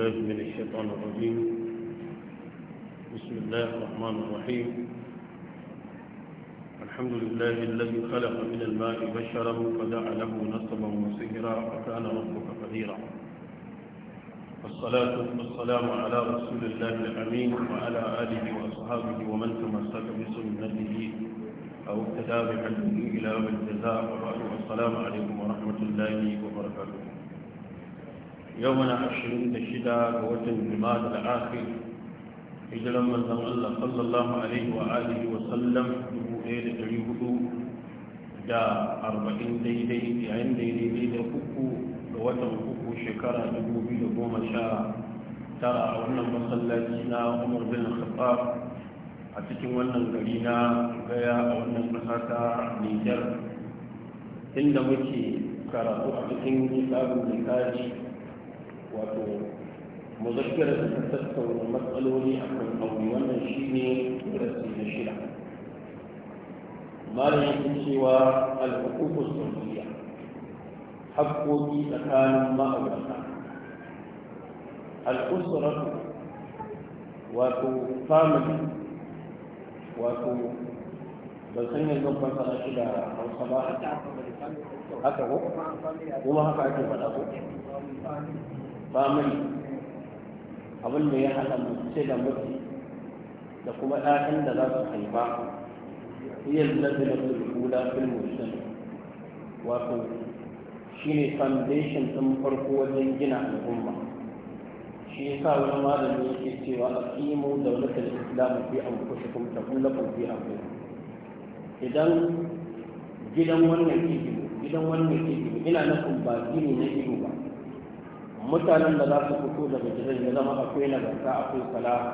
بالله من الشيطان الرجيم بسم الله الرحمن الرحيم الحمد لله الذي خلق من الماء بشرا فدعا له نصبا وسهرا وكان ربك قديرا والصلاة والسلام على رسول الله الأمين وعلى آله وأصحابه ومن تمسك بسنته أو ابتدى بحلمه إلى من جزاء والسلام عليكم ورحمة الله وبركاته yau mana ashirin da shida ga watan Juma da akhir hijiran manzon Allah sallallahu alaihi wa alihi wa sallam dubu ɗaya da ɗari hudu da arba'in daidai yayin daidai da uku ga watan uku shekara dubu biyu da goma sha tara a wannan masallaci na Umar bin Khattab a cikin wannan gari na gaya a wannan ƙasa ta Nijar inda muke karatu a cikin kitabun Nikaji wato muzakkira da ta tattauna matsaloli a kan aure wannan shi ne darasi na shida malam yake cewa al-huququ zawjiyya haƙƙoƙi tsakanin ma'aurata al-usra wato family wato ban san yanzu ban sana shi da hausa ba haka ko kuma haka ake faɗa ko ba mai abin da ya haɗa mace da mace da kuma ɗakan da za su haifa iya da su rikula fil musulun wato shi ne foundation ɗin farko wajen gina al'umma shi ya sa wani malami yake cewa a kimo da kan islam fi an kusa kuma ta kuma fi an kusa idan gidan wannan ke gidan wannan ke ina nufin ba gini na ido ba mutanen da za su fito daga gidan ya zama akwai nagarta akwai salama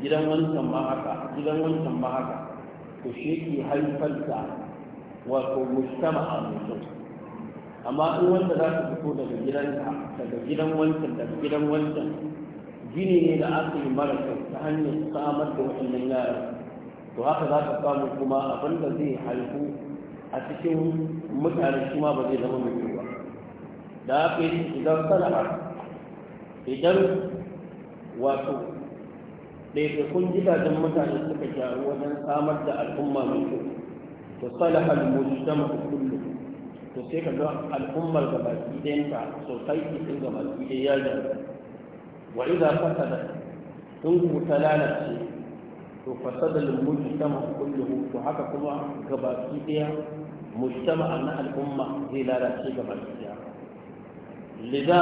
gidan wancan ma haka gidan wancan ma haka to shi ke haifar da wato mustama a mutum amma in wanda za su fito daga gidan ka daga gidan wancan daga gidan wancan gini ne da aka yi mara kyau ta hanyar samar da waɗannan yara to haka za ka samu kuma abin da zai haifu a cikin mutane shi ma ba zai zama mai da aka yi idan salaha idan wato ɗaiɗaikun gidajen mutane suka gyaru wajen samar da al'umma mai kyau to salaha al-mujtama kullu to sai ka ga al'ummar ga baki ɗayanta society ɗin ga baki ɗaya ya gyaru wa idza fasada in ku ta lalace to fasada al-mujtama kullu to haka kuma ga baki ɗaya mujtama na al'umma zai lalace ga baki لذا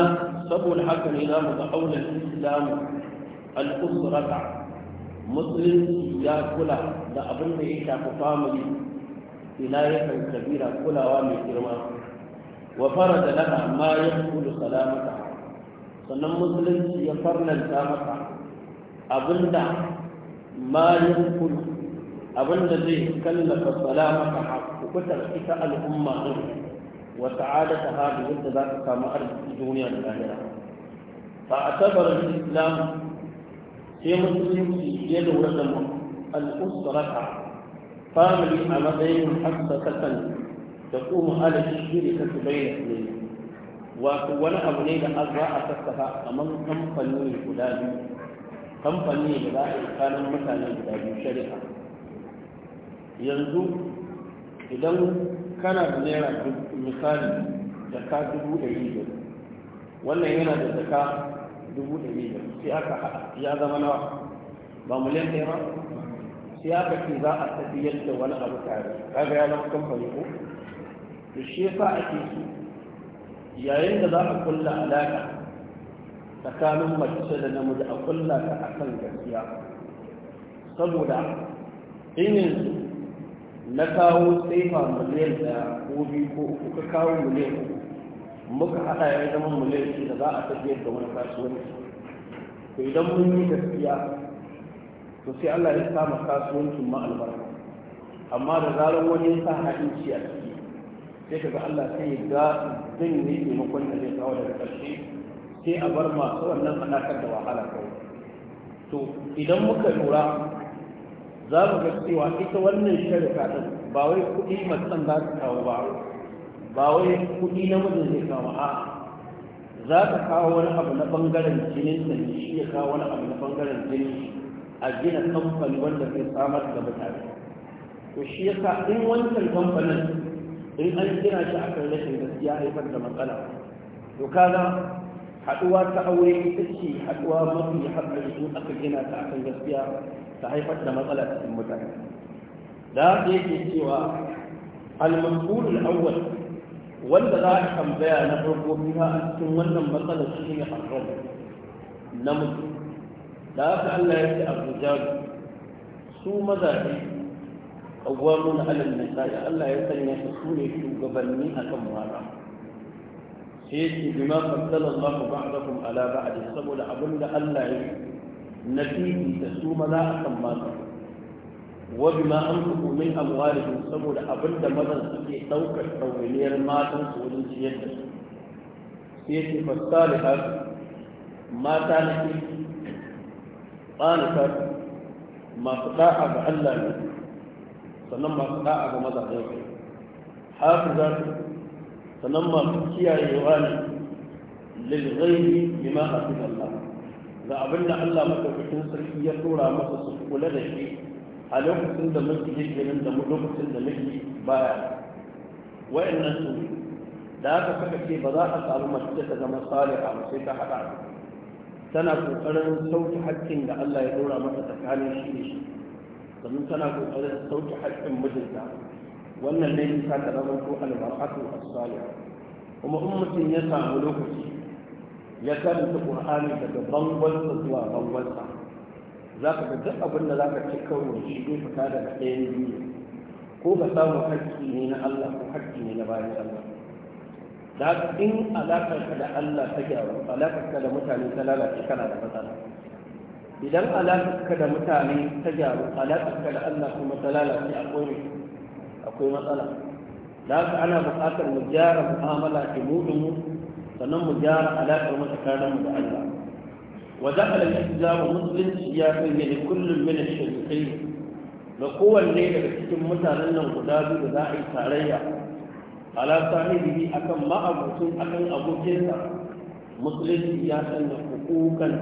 سبو الحكم إلى متحول الإسلام الأسرة مسلم يا كلا لا أبن إيشا فاملي إلاية كبيرة كلا وامي كرما وفرد لها ما يقول سلامتها sannan musulunci ya farnanta mata abinda ma yankulu abinda zai kallafa salamata hakukutar ita al'umma ɗin وسعادتها بنت ذاك كما أرض الدنيا الآخرة فاعتبر الإسلام في مسلم يده ولده الأسرة فاملي على بين حسسة تقوم على الشركة بين اثنين وأنا أبني لأزرع أسسها أمام كمفني الكلابي kamfani da za a yi tsakanin mutane guda biyu shari'a yanzu idan kana da naira misali zaka dubu ɗari biyar wannan yana da zaka dubu ɗari biyar sai aka haɗa ya zama nawa ba miliyan ɗaya ba sai aka ce za a tafiyar yadda wani abu tare kaga ya zama kamfani ko da shi yasa ake so yayin da za a kulla alaƙa tsakanin mace da namiji a kulla ta akan gaskiya saboda in yanzu na kawo tsefa miliyan ɗaya ko biyu ko kuka kawo miliyan uku muka haɗa ya zama miliyan shi da za a tafiyar da wani kasuwanci to idan mun yi gaskiya to sai Allah ya sama kasuwancin ma albarka amma da zarar wani ya sa haɗin ci a ciki sai kaga Allah sai ya ga zan yi taimakon da zai kawo daga ƙarshe sai a bar masu wannan haɗakar da wahala kawai to idan muka lura za mu ga cewa ita wannan shirka din ba wai kuɗi matsan za ta kawo ba ba wai kuɗi na mijin zai kawo a za ta kawo wani abu na ɓangaren jinin ne shi ya kawo wani abu na ɓangaren jinin a gina kamfani wanda zai samar da mutane to shi sa. in wancan kamfanin in an gina shi a akan rashin gaskiya haifar da matsala to kaga haɗuwa ta aure ita ce haɗuwa mafi haɗari in aka gina ta a kan gaskiya ta haifar da matsala cikin mutane da haka yake cewa al-maqulul awwal wanda za a tambaya na farko fiha a cikin wannan matsalar shi ne haram namiji da haka Allah ya ce abujaru su mazaje qawwamun 'ala an-nisa'i Allah ya sanya su sune shugabanni akan mata sai yake bima faddala Allah ba'dakum ala ba'd saboda abinda Allah ya yi na fifi da su maza a kan mata wabi ma an fi kumin amwalihim saboda abin da mazan suke ɗaukar ɗawainiyar matan su wurin ciyar da su sai yake fasta da haka mata na fifi ƙanata masu ɗa'a ga Allah ne sannan masu ɗa'a ga maza za su hafiza sannan masu kiyayewa ne lil ghairi bima hafiz Allah da abin da Allah madaukakin sarki ya tura masa su kula da shi a lokacin da muke hijirin da mu lokacin da muke baya wa'annan su da aka saka ce ba za a samu mace da ta zama saliha ba sai ta haɗa tana kokarin sauke haƙƙin da Allah ya dora masa tsakanin shi da shi domin tana kokarin sauke haƙƙin mijinta wannan ne ta ta zama ko albarkatu as-salih kuma in mutum ya samu lokaci ya karanta qur'ani daga bangonsa zuwa bangon sa. za ka ga duk abin da za ka ci kawo shi zai fita daga ɗayan biyu ko ka samu haƙƙi ne na Allah ko haƙƙi ne na bayan Allah da in ka da Allah ta gyaru alaƙarka da mutane ta lalace kana da matsala idan ka da mutane ta gyaru ka da Allah kuma ta lalace akwai akwai matsala da haka ana buƙatar mu gyara mu'amala da mu sannan mu gyara alaƙar mu tsakanin mu da Allah wa dakhala al musulunci ya kai ne kullum min ash da kowanne daga cikin mutanen nan guda biyu da za a yi tarayya ala sahibi akan ma'abucin akan abokinsa musulunci ya sanya hukukan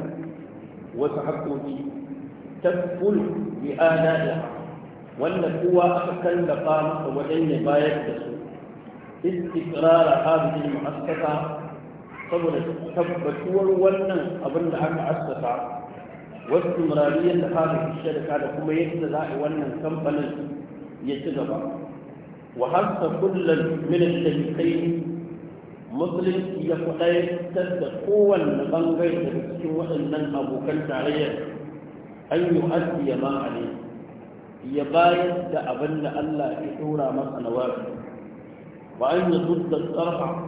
wasu haƙoƙi ta kulu bi adada wanda kowa aka kallafa masa wajen ya bayar da su istiqrar hadhihi al-mu'assasa saboda tabbatuwar wannan abin da aka assasa wasu murariyar da fara shirka da kuma yadda za a yi wannan kamfanin ya ci gaba wa hasa kullum min kai musulunci ya kudaitar da kowanne bangare daga cikin waɗannan abokan tarayyar an yi asiya ma ya bayar da abin da Allah ya tura masa na wasu ba an yi zuddar tsarfa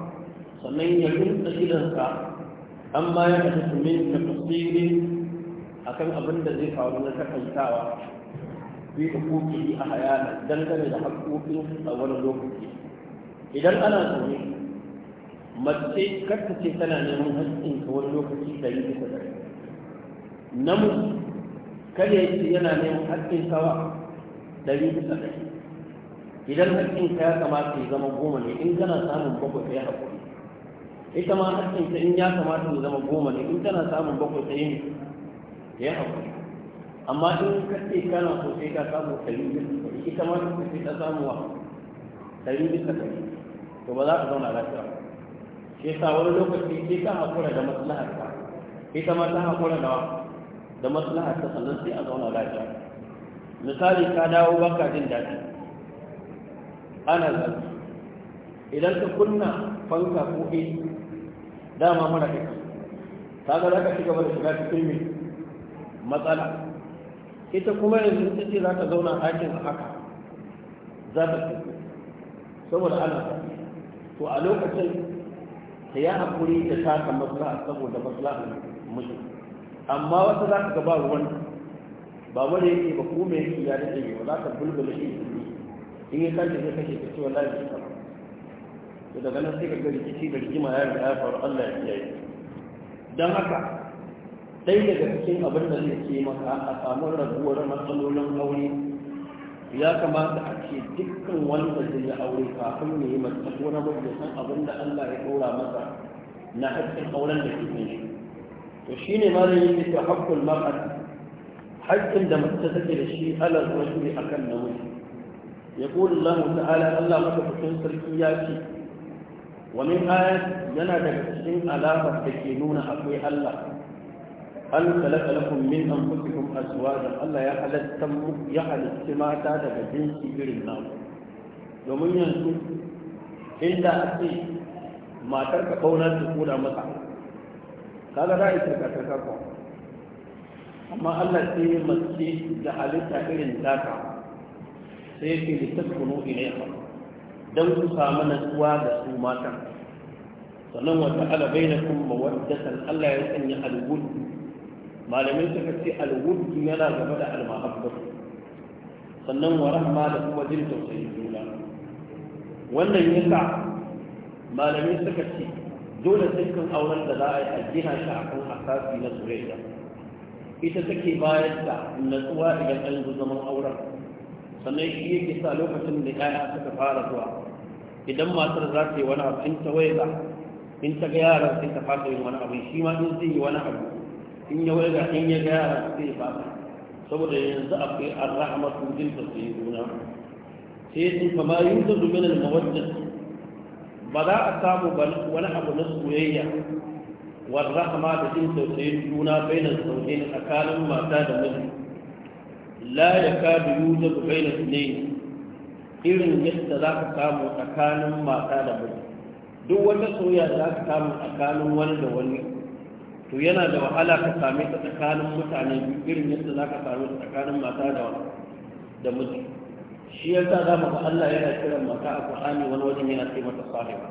sannan ya rinka gidansa, an da su min kasa tumin a kan abin da zai faru na takantawa fi hukuki a hayana dangane da haƙoƙin a wani lokaci idan ana zaune mace karta ce tana neman haƙƙin ka wani lokaci da yi bisa dare namiji kada ya yana neman haƙƙin kawa dari bisa dare idan haƙƙin ka ya kamata ya zama goma ne in kana samun bakwai ya haƙuri ita ma hakkin ta in ya kamata mu zama goma ne in tana samun bakwai ta yin ya haƙuri amma in ka ce kana so sai ka samu ɗari bisa ɗari ita ma ta ce ta samu wa ɗari bisa ɗari to ba za ka zauna lafiya shi yasa wani lokaci sai ka haƙura da maslahar ka ita ma ta haƙura da da maslahar ta sannan sai a zauna lafiya misali ka dawo baka jin daɗi ana zafi idan ka kunna fanka ko AC dama mana kai kaga za ka shiga gaba da shiga cikin mai matsala ita kuma yanzu ta ce za ka zauna hakin haka za ta tafi saboda ana tafi to a lokacin ta yi haƙuri da taka maslaha saboda maslaha mutu amma wata za ka gaba ruwan ba wani yake ba kuma yake ya dace ba za ka bulbula shi in ya kashe zai kashe ta ce wallahi ba to daga nan sai ka ga rikici da rigima ya riga ya faru Allah ya kiyaye Don haka sai daga cikin abin da zai ke maka a samu raguwar matsalolin aure ya kamata a ce dukkan wanda zai yi aure kafin ya yi masa ko na bai san abin da Allah ya ɗora masa na haƙƙin auren da ke shi. to shine ma zai yi ta haƙƙul mar'at haƙƙin da mace take da shi ala ne akan namiji Ya yaqulu Allah ta'ala Allah madaukakin sarki ya ce ومن آيات لنا تكتشين علامة تكينون أقوي الله أن خلق لكم من أنفسكم أزواجا الله يحلت تم يحلت سماتا تكتشين سبيل النار domin yanzu inda ake matar ka kauna ta kula masa kaga za a yi tarkatarka ko amma Allah sai mace da halitta irin taka sai don ku samu natsuwa da su matan sannan wata alabai na kuma mawaddatan Allah ya sanya alwud malamin suka ce alwud yana gaba da almahabbat sannan wa rahma da kuma jin tausayin juna wannan yasa malamin suka ce dole kan auren da za a yi a gina shi a kan asasi na soyayya ita take bayar da natsuwa idan an zo zaman auren sannan shi yake sa lokacin da 'ya'ya suka fara zuwa idan matar za ta yi wani abu in ta waiga in ta ga yaran sai ta fasa yin wani abu shi ma in zai yi wani abu in ya waiga in ya ga yaran sai ya fasa saboda yanzu akwai arrahmatu jin ta sai gona sai sun tsufa ma yi ta zumin almawadda ba za a samu wani abu na soyayya warrahma da jin tausayin bai na sauƙin tsakanin mata da miji la ya biyu yuzu bainar ne irin yadda za ka samu tsakanin mata da miji duk wanda soyayya da za ka samu tsakanin wani da wani to yana da wahala ka same ta tsakanin mutane irin yadda za ka same ta tsakanin mata da da miji shi yasa za mu ga Allah yana kiran mata a Qur'ani wani wajen yana ce mata sahiba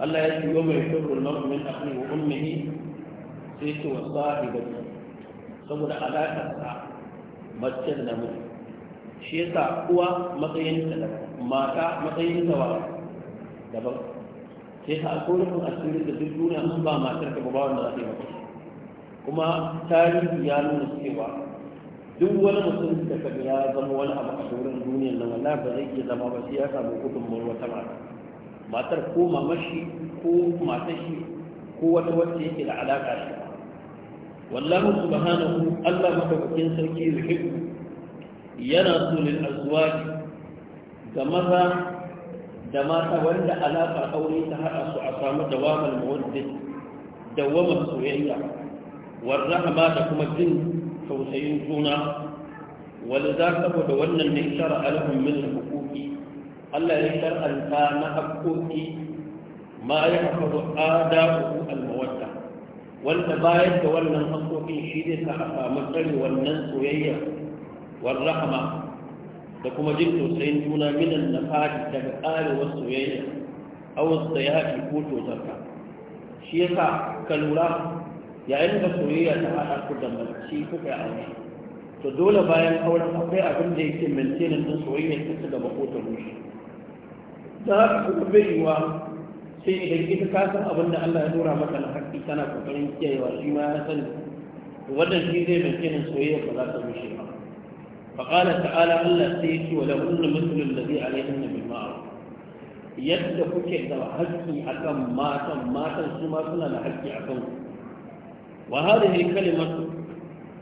Allah ya ce yau mai shirru lahu min akhi wa ummihi sai ce wa sahibati saboda alaƙar sa mace da namiji shi yasa uwa matsayin ta daban mata matsayin ta daban sai yasa akwai rufin asirin da duk duniya sun ba matar da babawan da zai mafi kuma tarihi ya nuna cewa duk wani mutum da ka ya zama wani abu a sauran duniyar nan wala ba zai iya zama ba sai ya samu gudunmawar wata mata matar ko mamashi ko matashi ko wata wacce yake da alaƙa shi wallahu subhanahu Allah madaukakin sarki yuhibbu yana so lil ga maza da mata wanda alaƙa aure ta haɗa su a samu dawamar mawadda dawamar soyayya warrahama da kuma jin tausayin juna wanda za ka da wannan ne shara alhun min hukuki Allah ya shar'anta na hakkoki ma ya hafazu adabu almawadda wanda bayan da wannan hakkokin shi ne ta a samu tsare wannan soyayya warrahama da kuma jin tausayin juna minan na fadi daga ƙarewar soyayya awus da ya ko tozarka shi ya sa ka lura yayin da soyayya ta haɗa ku da mace kuka aure to dole bayan auren akwai abin yake maintainin din soyayya gaba ko ta sai idan ita kasan abin da Allah ya dora maka na haƙƙi tana kokarin kiyayewa shi ma ya sani wannan shi zai kenan soyayya ba za ta rushe ba فقال تعالى ألا سيتي ولهن مثل الذي عليهن بالمعروف yadda kuke da haƙƙi akan matan matan su ma suna da haƙƙi akan ku wa hadhihi kalimatu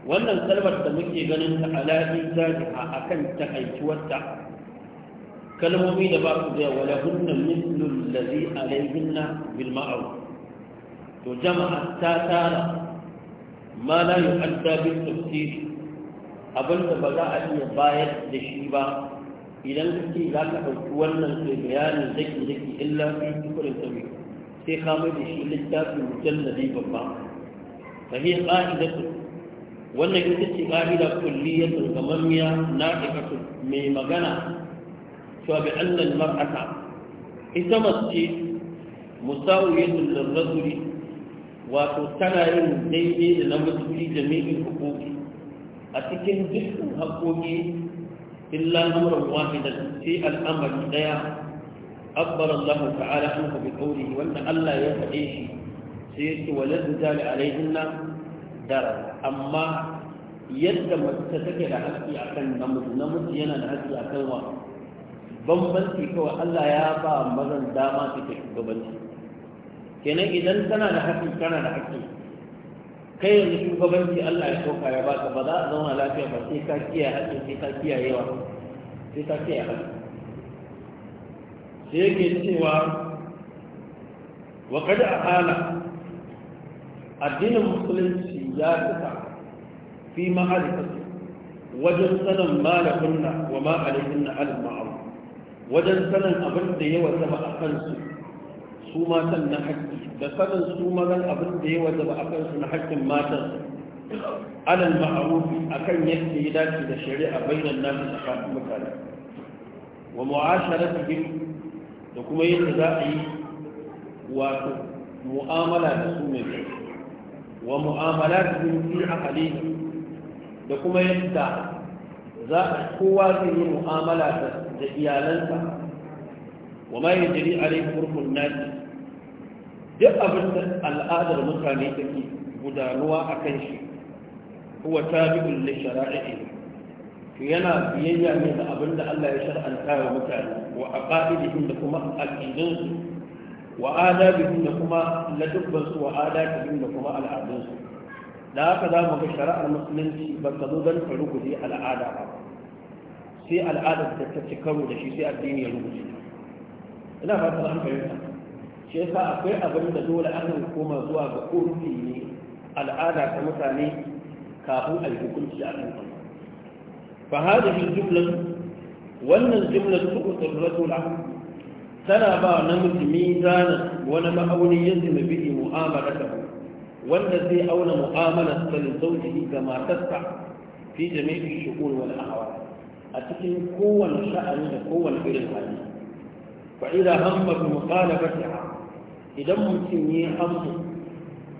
wannan kalmar da muke ganin ta a kan ta takaituwarta kalmomi da ba su da wala hunna mithlu allazi alayhinna bil ma'ruf to jama'a ta tara ma la yu'adda bil tafsir da ba za a iya bayar da shi ba idan kake za ka ɗauki wannan sai bayanin zaki zaki in fi tukurin sami sai ka mai da shi littafin da mujalladi babba fa hiya su. wannan ita ce qa'ida kulliyatu na na'ikatu mai magana cewa bi annal mar'ata ita mace musawiyatu lirrajuli wato tana yin daidai da da namiji jami'in hukuki a cikin dukkan haƙoƙi illa amuran wahidan sai al'amari ɗaya abbar Allah ta'ala an ku wanda Allah ya faɗe shi sai su a zali alaihinna dara amma yadda mace take da haƙƙi akan namiji namiji yana da haƙƙi akan wa bambanci kawai Allah ya ba mazan dama su ke shugabanci kenan idan tana da haƙƙi kana da haƙƙi kai yanzu shugabanci Allah ya soka ya baka ba za a zauna lafiya ba sai ka kiyaye haƙƙin sai ka kiyaye yawa sai ka kiyaye haƙƙin sai yake cewa wa kada a hala addinin musulunci ya tuka fi ma'arifati wajen sanin malakunna wa ma'alikunna al-ma'aru wajen sanin abin da ya wata a kansu su matan na haƙƙi da sanin su mazan abin da ya wajaba a kansu na haƙƙin matan alal ma'arufi akan yadda ya dace da shari'a bainan nasu tsakanin mutane wa mu'asharatihim da kuma yadda za a yi wato mu'amala da su mai kyau wa mu'amala da mu'amalatihim fi aqalihim da kuma yadda za a kowa zai yi mu'amala da iyalansa wa ma yajri alayhi furqun nasi duk abin da al'adar mutane take gudanuwa a kan shi huwa tabi'un li shara'i'i to yana biyayya ne da abin da Allah ya shar'anta wa mutane wa aqaidihim da kuma al'adunsu, su wa adabihim da kuma ladubban su wa adatihim da kuma al'adunsu, da haka za mu ga shari'ar musulunci ba ta zo don ta ruguje al'ada ba sai al'adar da ta ci karo da shi sai addini ya ruguje ina fata an fahimta shi yasa akwai abin da dole an koma zuwa ga urfi ne al'ada ta mutane kafin a yi hukunci a kan fa shi jumla wannan su tuqtu rasul tana ba namiji zana wani ma'auni yanzu mai bihi mu'amalata wanda zai auna mu'amalar sa da zaujihi ga matarsa fi jami'in shughul wal ahwal a cikin kowane sha'ani da kowane irin hali fa idza hamma bi muqalabatiha idan mutum ya yi hamdu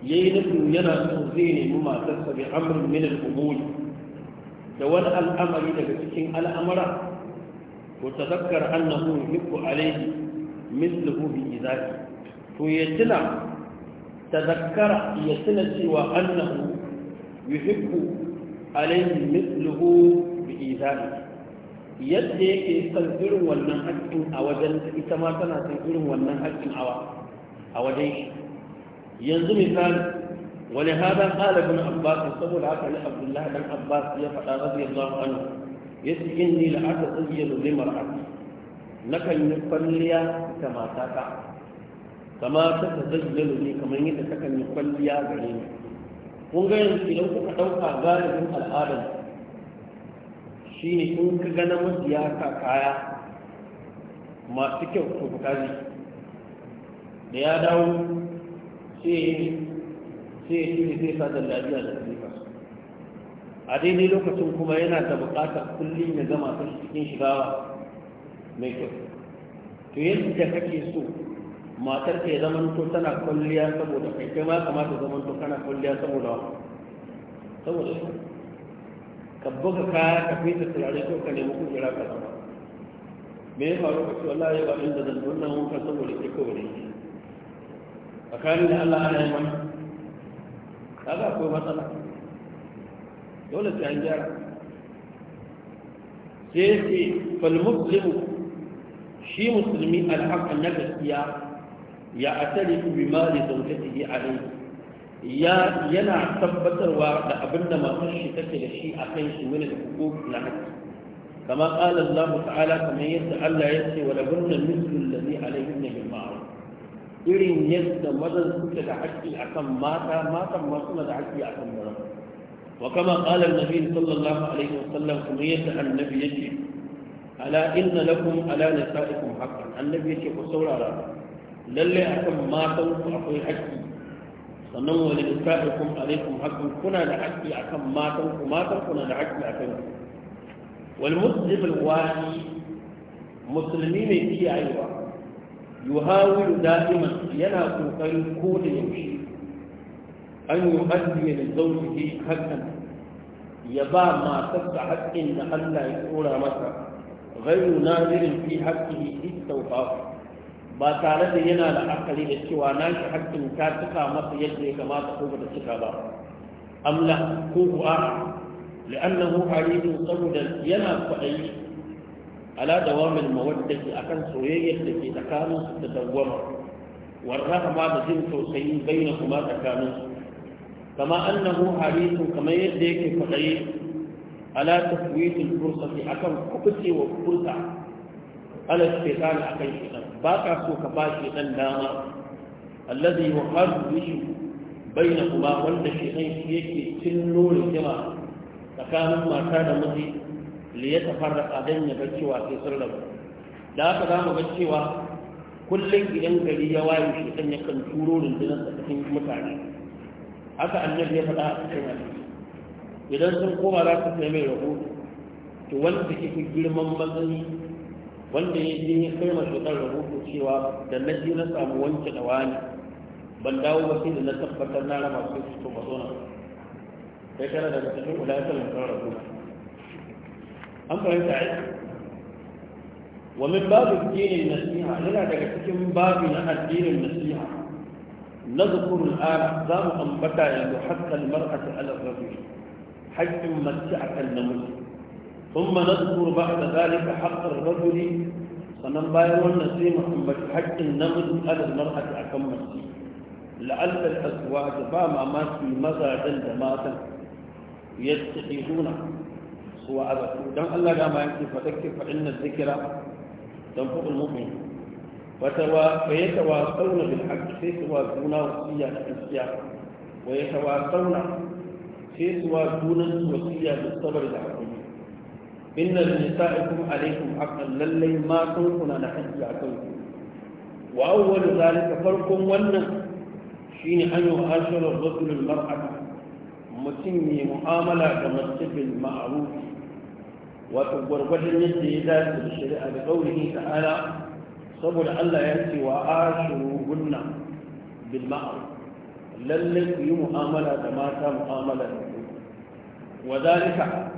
ya yi nufin yana so zai nemi matarsa bi amrin min al-umuri da wani al'amari daga cikin al'amara ko tazakkar annahu yuhibbu alayhi mithluhu bi idaki to ya tuna tazakkara ya tuna cewa annahu yuhibbu alayhi mithluhu bi idaki yadda yake san irin wannan haƙƙin a wajen ita ma tana san irin wannan haƙƙin awa a wajen shi yanzu misali wani hada ƙalibin abbas saboda haka ni abdullahi dan abbas ya faɗa radiyallahu anhu ya ce inni la'ata tsayyar limar abu na kan yi kwalliya ta matata kama ta tsayyar ne kamar yadda ta kan yi kwalliya gare ni kun ga yanzu idan kuka ɗauka galibin al'adar shi ne in ka ga namiji ya ka kaya masu kyau to ku kaji da ya dawo sai shi ne zai sa lafiya da kalifa a daidai lokacin kuma yana da buƙatar kullum ya gama ta cikin shiga mai kyau to yadda kake so matar ta ya zaman to tana kwalliya saboda kai kai ma kamata zaman to kana kwalliya saboda wa saboda su ka buga kaya ka fita turare ko ka nemi kujera ka zama me ya faru ka ce wallahi ba inda zan dunnan wanka saboda ke kawai tsakanin da Allah ana yi za ku akwai matsala dole sai an gyara sai ce falmuslimu shi musulmi alhaƙa na gaskiya ya asali bi mali zaujatihi alayhi ya yana tabbatarwa da abinda matar shi take da shi akan shi min hukuk na haƙƙi kama qala Allah ta'ala kamar yadda Allah ya ce wa la bunna mithlu alladhi alayhi min irin yadda mazan suke da haƙƙi akan mata matan ma suna da haƙƙi akan maza wa kama qala an-nabi sallallahu alaihi wasallam kuma yadda annabi ya ce. ala inna lakum ala nisaikum haqqan annabi ya ce ku saurara lalle akan matan ku akwai haƙƙi sannan wa nisaikum alaikum haqqan kuna da haƙƙi akan matan ku matan kuna da haƙƙi akan ku wal muslim al-wali muslimi ne kiyayewa yuhawilu da'iman yana kokarin ko da yaushe an yi haddiya da zaune hakan ya ba matarsa haƙƙin da Allah ya tsora masa ghairu nadirin fi haƙƙihi istawfa ba tare da yana da akali da cewa nashi haƙƙin ta cika masa yadda ya kamata ko ba ta cika ba amla ko ku'a li'annahu haridun saboda yana kwaɗayi ala dawamil a akan soyayyar da ke tsakanin su da dawwama warrahma da jin tausayi baina kuma tsakaninsu? kama annahu harisun kamar yadda yake kwadaye ala tafwitul fursati akan kubuce wa fursa ala shaytan akan shaytan ba ka so ka ba shaytan dama allazi yuharrishu kuma wanda shaytan shi yake cinno rigima tsakanin mata da miji li ya tafarraka dan ya bar cewa sai sun rabu da aka za mu ga cewa kullum idan gari ya waye shi dan ya kan turo rundunar cikin mutane haka annabi ya faɗa a cikin hadisi idan sun koma za su kai mai rahoto to wanda ke fi girman matsayi wanda ya je ya kai masu ɗan rahoto cewa da na je na samu wanke da wani ban dawo ba sai da na tabbatar na rama su su to mazo na sai kana daga cikin ulayatar da kan rahoto an fahimta ai wa min babin dinin nasiha yana daga cikin babi na addinin nasiha na نذكر الآن أحزاب أنبتا يلو حتى المرأة على الرجل حج متعة النمل ثم نذكر بعد ذلك حق الرجل sannan bayan wannan sai mu ambaci haƙƙin namiji alal mar'ati akan mace la'alla al-azwaj ba mamaki mazajen da matan yattaqiduna wa azatu dan Allah da ma yake fadakke fa inna dhikra tanfu'ul mu'min wa tawa fa yatawasawna bil haqq sai su wa duna wasiya da gaskiya wa yatawasawna sai su wa duna wasiya da sabar da hakuri inna nisa'akum alaykum haqqan lallai ma tunkuna da hakki akan ku wa farkon wannan shine an yu'ashiru rajulul mutum ne mu'amala da mace bil wato gwargwadon yadda ya dace da shari'a da ƙaurihi ta'ala saboda Allah ya ce wa ashiru gunna bil ma'ruf lalle ku yi mu'amala da mata mu'amala da ku wa zalika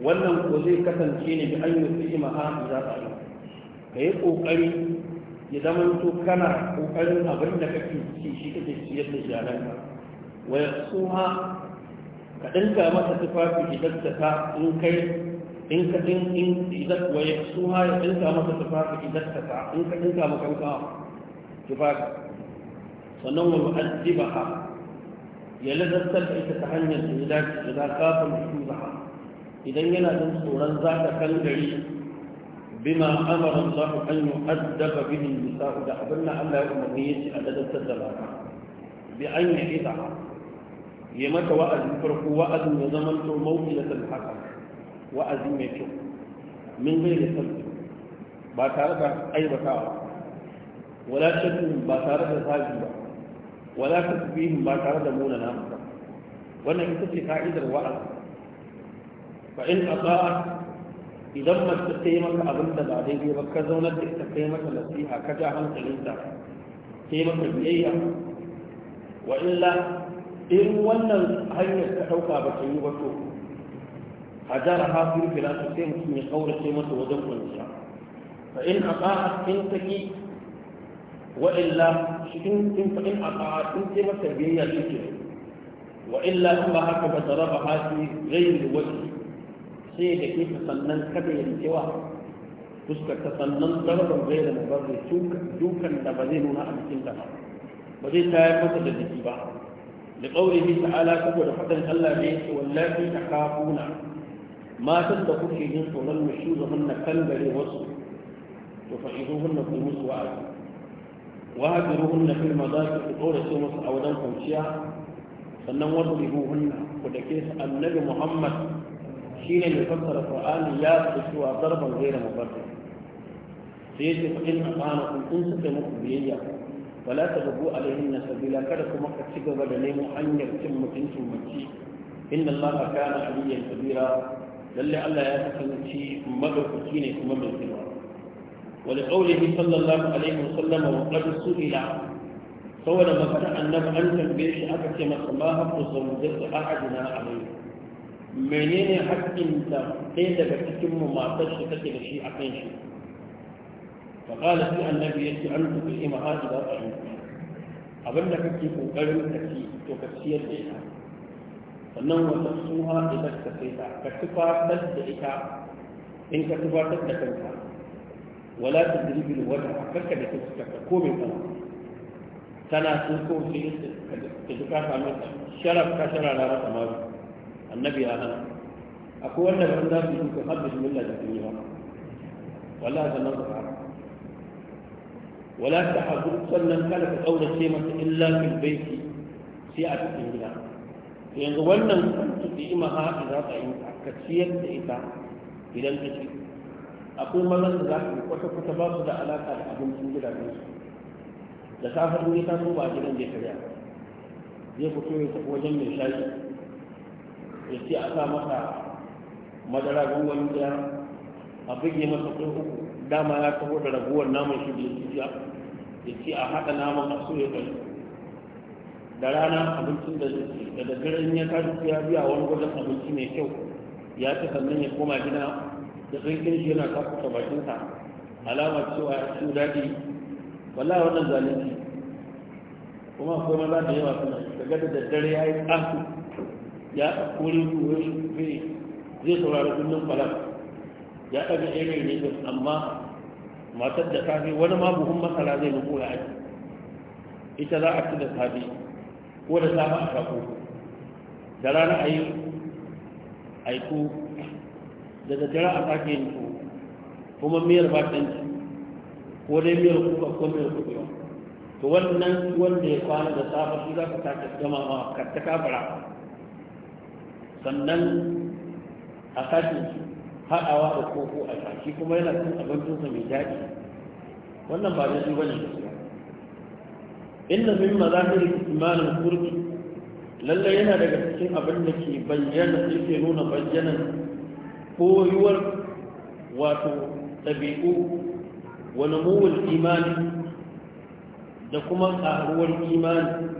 wannan ko zai kasance ne bi an yusi maha za ta yi kai kokari ya zaman to kana kokarin abin da kake ci shi kake ciyar da jaranka wa yasuha ka dinka mata tufafi idan ta in kai إنك إن إن إذا ويحسوها إنك أما تتفاق إذا تتع إنك إنك أما كنت تفاق فنور أذبها يلذ السلف إذا تهني الزلاج إذا قاف محفوظها إذا ينادم صورا ذات كالجعي بما أمر الله أن يؤدب به النساء إذا أبنى أن لا يؤمنية أدد السلاح بأين إذا يمت وأذن فرق وأذن يزمن الحكم wa'azi mai kyau min zai da sauki ba tare da aibatawa wala shakkun ba tare da zagi ba wala tasbihin ba tare da namu ba wannan ita ce ka'idar wa'azi fa in ata'a idan mace ta yi maka abin da ba daidai ba ka zaunar da ita kai mata nasiha ka ja hankalinta ta yi maka biyayya wa illa in wannan hanyar ka ɗauka ba ta yi ba to a jara hafin filata sai mutum ya kaurace masa wajen kwanciya fa in a ba'a in ta ki wa illa cikin in fa in a ba'a in ce masa biyayya shi wa illa in ba haka ba tara ba hasi gairi wasu sai da ke ta sannan kada ya cewa fuskar ta sannan zarafin gaira da ba zai dukan da ba zai nuna a cikin ta ba ba zai tayar masa da jiki ba da ƙaurihi ta'ala saboda faɗin Allah ne ya wallafi ta kafuna matan da kuke yin tsoron mu shi zaman na kangare wasu to fa ido hunna ku musu wa'azi wa hadiru hunna fil mazaki ku dora su musu a wajen kwanciya sannan wasu ido hunna ku dake su annabi muhammad shine mai fassara qur'ani ya faɗi cewa zarban gaira mubarrin sai yace fa in amana kun in suka muku biyayya wala tabu alaihin sabila kada kuma ka ci gaba da neman hanyar cin mutuncin mace inna allaha kana aliyan kabira lalle Allah ya kasance madaukaki ne kuma mai girma wa liqaulihi sallallahu alaihi wa sallam wa qad su'ila saboda magana annabi an tambaye shi aka ce masa ma haqqu zawjati a alayhi menene haƙƙin da ɗaya daga cikin mu matar shi take da shi akan shi fa qala fi annabi yace an tuqima hadi da abin da kake kokarin ka ci to ka ciyar da ita sannan wata suha idan ka sai ta ka tufatar da ita in ka tufatar da kanka wala ta dirbil wata a karka da fuskar ka ko mai kana kana sun ko sai ka duka ka samu sharaf ka shara rara kamar annabi ya hana akwai wanda ban za su yi ka haddasa milla da duniya wala sannan ka fara ولا تحضر سنن كلك أولى سيمة إلا في sai a cikin gida. yanzu wannan kuntu da ima ha za ka yi ka ciyar da ita idan ka ci akwai mazan da za ka kwata-kwata ba su da alaƙa da abincin gidajen su da safar ne ta so ba a gidan da ya karya zai fito ya tafi wajen mai shayi ya ce a sa masa madara gungun gida a bige masa ɗin uku dama ya taho da raguwar naman shi da ya ci ya ce a haɗa naman a so ya ɗauki da rana abincin da da daddaren ya kasu ya biya wani gwajin abinci mai kyau ya ci sannan ya koma gida da tsinkin shi yana kafuta bakinsa alama cewa ya ci daɗi wallah wannan zalunci kuma akwai maza da yawa suna daga da daddare ya yi ƙasu ya kori wuri zai saurari kullum falak ya ɗaga irin ne amma matar da safe wani ma buhun masara zai nukura aiki ita za a ci da safe ko da sama a sako da rana a yi aiko da daddare a sake yin kuma miyar ba yi, ko dai miyar kuka ko miyar kuka to wannan wanda ya kwana da safa su za ka sake gama ma karta kafara sannan a sake haɗawa da koko a sashi kuma yana cin abincinsa mai daɗi wannan ba da ba ne inna min mazahiri imanin kurdi lalle yana daga cikin abin da ke bayyana yake nuna bayyanan koyuwar wato ɗabi'u wa numuwar imani da kuma ƙaruwar imani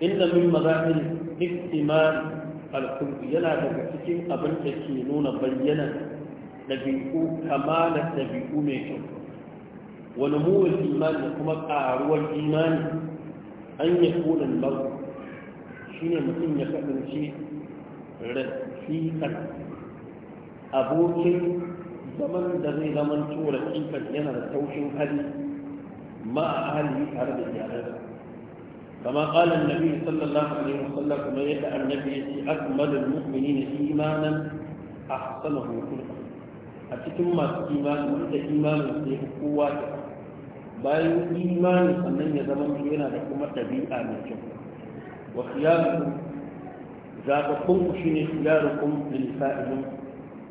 inna min mazahiri ihtimali al yana daga cikin abin da ke nuna bayyana ɗabi'u kamalar ɗabi'u mai kyau wani muwar imani kuma ƙaruwar imani an yi kunan lau shi ne mutum ya kasance rafiƙar abokin zaman da zai zaman tura rafiƙar yana da taushin hali ma a hali tare da iyalansa كما قال النبي صلى الله عليه وسلم كما يدعى النبي أكمل المؤمنين إيمانا أحسنه خلقا a cikin masu imani wanda imanin sai kowa ta bayan imani sannan ya zama yana da kuma ɗabi'a mai kyau wa khiyarukum zaɓaɓɓun ku shine khiyarukum lil sa'ilin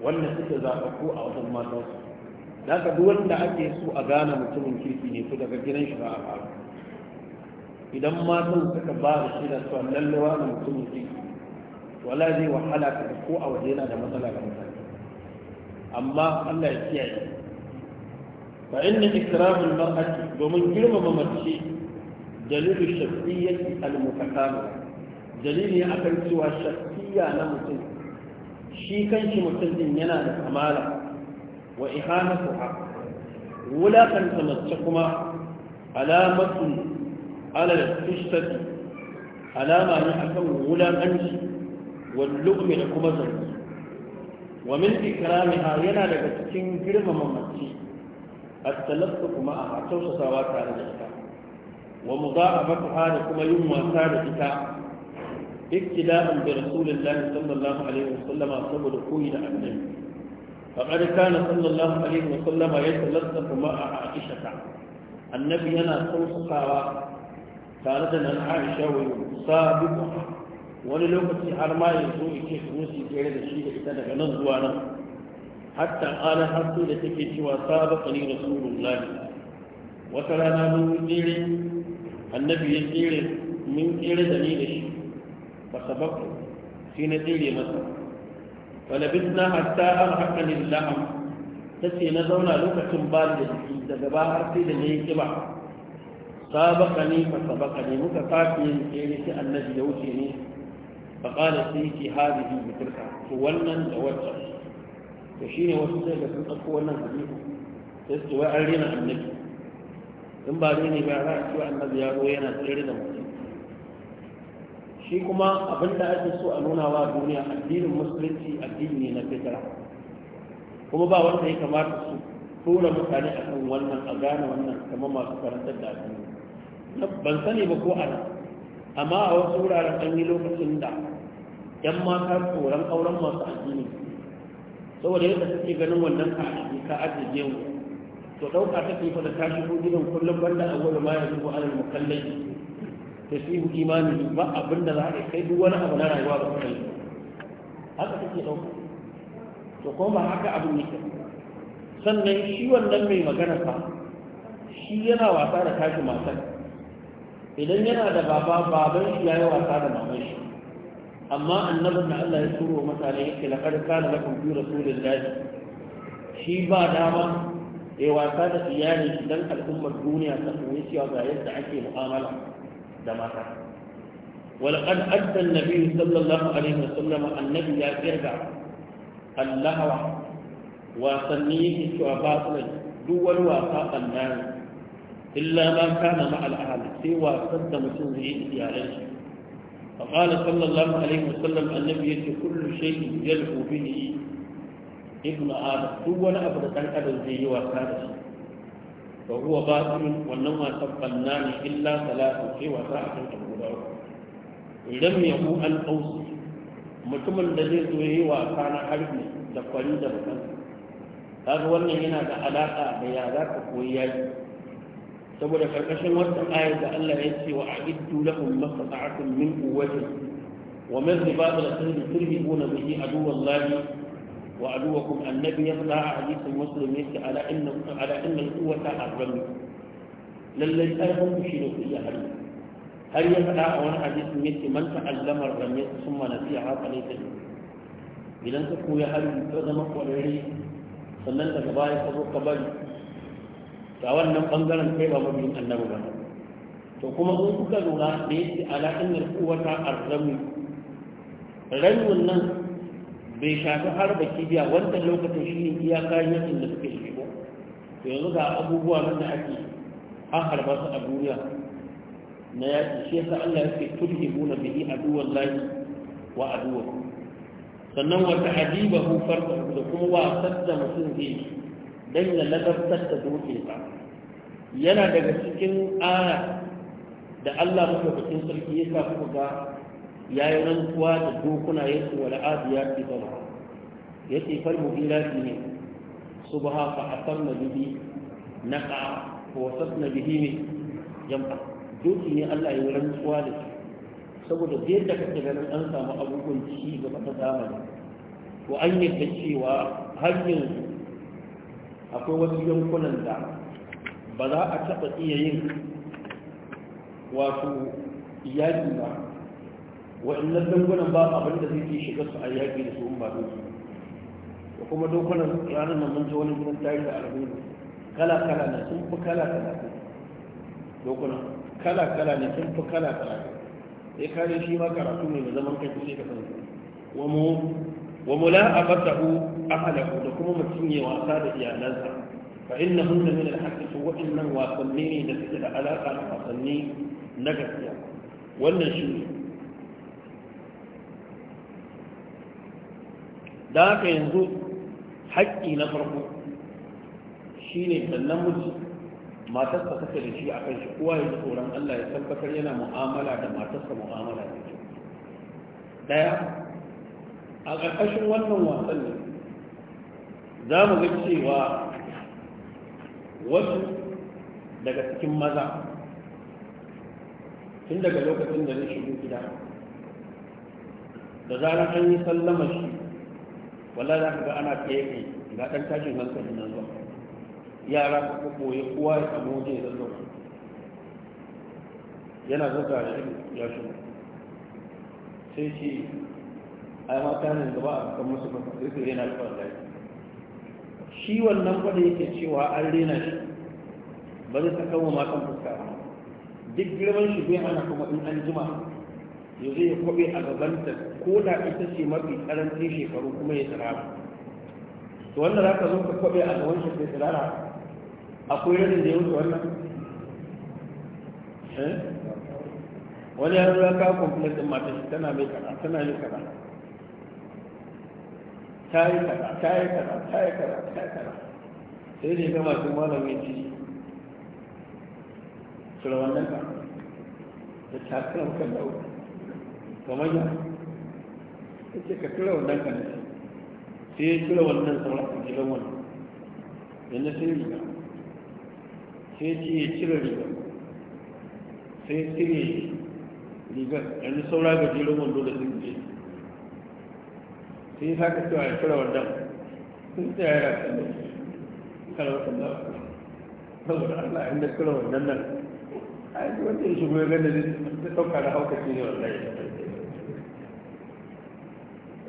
wanda suke zaɓaɓɓu a wajen matan su da ka duk wanda ake so a gane mutumin kirki ne su daga gidan shi ba a faru idan matan suka ba da shi da su lallawa na mutumin kirki wala zai wahala ka ko a waje yana da matsala ga mutane amma Allah ya kiyaye fa inna ikramul mar'ati domin girmama mace dalilu shakhsiyyati al-mutakamil dalili akan cewa shakhsiyya na mutum shi kanshi mutum din yana da kamala wa ihanatuha wulakanta mace kuma alamatun alal fushtati alama ne akan wulakanci wallumi da kuma zargi wa min ikramiha yana daga cikin girmama mace at-talaffuf kuma a tausasawa tare da ita wa mudha'afatuha da kuma yin wasa da ita iktida'an bi rasulillahi sallallahu alaihi sallama saboda koyi da annabi faqad kana sallallahu alaihi wa wasallam yatalaffuf ma Aisha annabi yana tausasawa tare da nan Aisha wa sabiqa wani lokaci har ma yanzu yake musu kere da shi da ita daga nan zuwa nan hatta ala hasu da take cewa sabaka ni rasulullah wata rana mun tsere annabi ya tsere mun tsere da ni da shi fa sabaqtu shi na tsere masa fa labisna hatta arhaqa lillahi tace na zauna lokacin ba da shi daga ba har sai da ne kiba سابقني فسبقني متفاكي كيري الذي يوتيني فقال سيكي هذه wannan da wancan. to shi ne wasu sai ga sun ɗauko wannan hadisi sai su wai an rena annabi in ba ne ba za a ce annabi ya zo yana tsere da mutum shi kuma abin da ake so a nuna wa duniya addinin musulunci addini ne na fitara kuma ba wanda ya kamata su tura mutane a kan wannan a gane wannan kamar masu karantar da addini ban sani ba ko ana amma a wasu wuraren an yi lokacin da yan mata tsoron auren masu addini saboda yadda suke ganin wannan ka ka ajiye mu to dauka ta kifa da tashi ko gidan kullum banda a gurin ma ya zuwa alal mukallai ta fi hu imani ba abin da za a kai duk wani abu na rayuwa ba kai haka take dauka to ko ba haka abin yake sannan shi wannan mai magana fa shi yana wasa da tashi matar idan yana da baba baban shi yayi wasa da maman shi amma annabin da Allah ya turo mutane yake la qad kana lakum fi rasulillahi shi ba dama ya wasa da iyali dan al'ummar duniya ta koyi cewa ga yadda ake mu'amala da mata wal qad adda an-nabi sallallahu alaihi wasallam annabi ya kirga Allah wasanni yake cewa ba su duk wani wasa annabi illa ma kana ma ahli sai wasan da mutum zai yi iyalan shi فقال صلى الله عليه وسلم النبي يتي كل شيء يدعو به ابن آدم هو أنا أبدا أن أدل به وكادش فهو باطل وإنما تبقلنان إلا ثلاث في وساعة أبو داود لم يكن أن أوصي mutumin da zai zo yi wasa na harbi da kwari da bakan kaga wannan yana da alaƙa da ya za ka koyi yaji saboda karkashin wata ayar da Allah ya ce wa a'iddu lahum mastata'atun min quwwati wa min ribat al-khayl turhibuna bihi aduwallahi wa aduwakum annabi ya fada a hadisin muslim yake ala inna ala inna quwwata ar-ramy lallai karfin ku shine ku iya hari har ya faɗa a wani hadisin yake man ta'allama sun mana thumma nasiha fa laysa idan ka koya hari ka zama kwararre sannan daga baya ka zo ka bari ga wannan bangaren kai ba mabiyin annabi ba to kuma in kuka lura da yake ala innal quwwata arzamu ranwun nan bai shafi har da kibiya wannan lokacin shi ne iyaka yakin da suke shigo to yanzu ga abubuwa nan da ake an harba su a duniya na yaƙi shi yasa Allah ya ce tulhibuna bihi aduwan lahi wa aduwan sannan wata adiba hu farqa da kuma wasar da mutum zai yi don ya nazartar da ba. yana daga cikin aya da Allah mafi sarki ya sa kuka ga ya yi rantsuwa da dokuna ya ce wa la'adiyar ibama ya ce falmu iraki ne su ba haka a san na bibi na ko wasas na bihi ne jam'a doki ne Allah ya yi rantsuwa da shi saboda da yadda kake ganin an samu abubuwan ci gaba ta zamani to an yadda cewa har yanzu akwai wasu yankunan da ba za a taɓa iya yin wasu yaƙi ba waɗannan dangunan ba abin da zai ke shiga su a yaƙi da su in ba doki da kuma dokunan ranar nan mun ji wani gidan tarihi da alhudu kala kala ne sun fi kala kala ne dokunan kala kala ne sun fi kala kala ne sai kare shi ma karatu ne da zaman kai sai ka san wa mu wa mula'aqatahu ahlahu da kuma mutum ya wasa da iyalansa fa da min al-haqqi wa'annan wasanni ne da suke da alaka da wasanni na gaskiya wannan shi ne. da haka yanzu haƙƙi na farko shi ne da namiji matarsa take da shi a kan shi kowa ya tsoron Allah ya tabbatar yana mu'amala da matarsa mu'amala da kyau daya a ƙarƙashin wannan wasan ne za mu ga cewa wasu daga cikin maza tun daga lokacin da na shigo gida da zarar an yi sallama shi wala za ka ga ana tsaye ga ɗan tashin hankali na zuwa yara ka kuɓo ya kuwa ya samu waje ya zazzau. yana zo da ya shi sai a yi mata ne gaba a kan musu ba sai yana da fara shi wannan kwada yake cewa an rena shi ba zai saka wa matan fuska duk girman shi bai hana kuma in an jima ya zai kwabe a ta ko da ita ce mafi karancin shekaru kuma ya tsirara to wanda za ka zo ka kwabe a gaban shi sai tsirara akwai ranin da ya wuce wannan eh? wani ya zo ya kawo din mata shi tana mai kaza tana mai kaza ta yi kaza ta yi kaza ta yi kaza ta yi kaza sai dai ga masu malamin ci sulawannan ka da tasirin kan da uku kamar ya ta ce ka tura wannan ka ne sai ya tura wannan sauran a gidan wannan yana sai riga sai ce ya cire riga sai cire riga yanzu saura ga jirin wando da sun je في هذا الدعاء كله والدم انت عارف كله عندك كله والدم عايز وانت يشوف مجانا دي تتوقع على حوكة تيني ولا ايه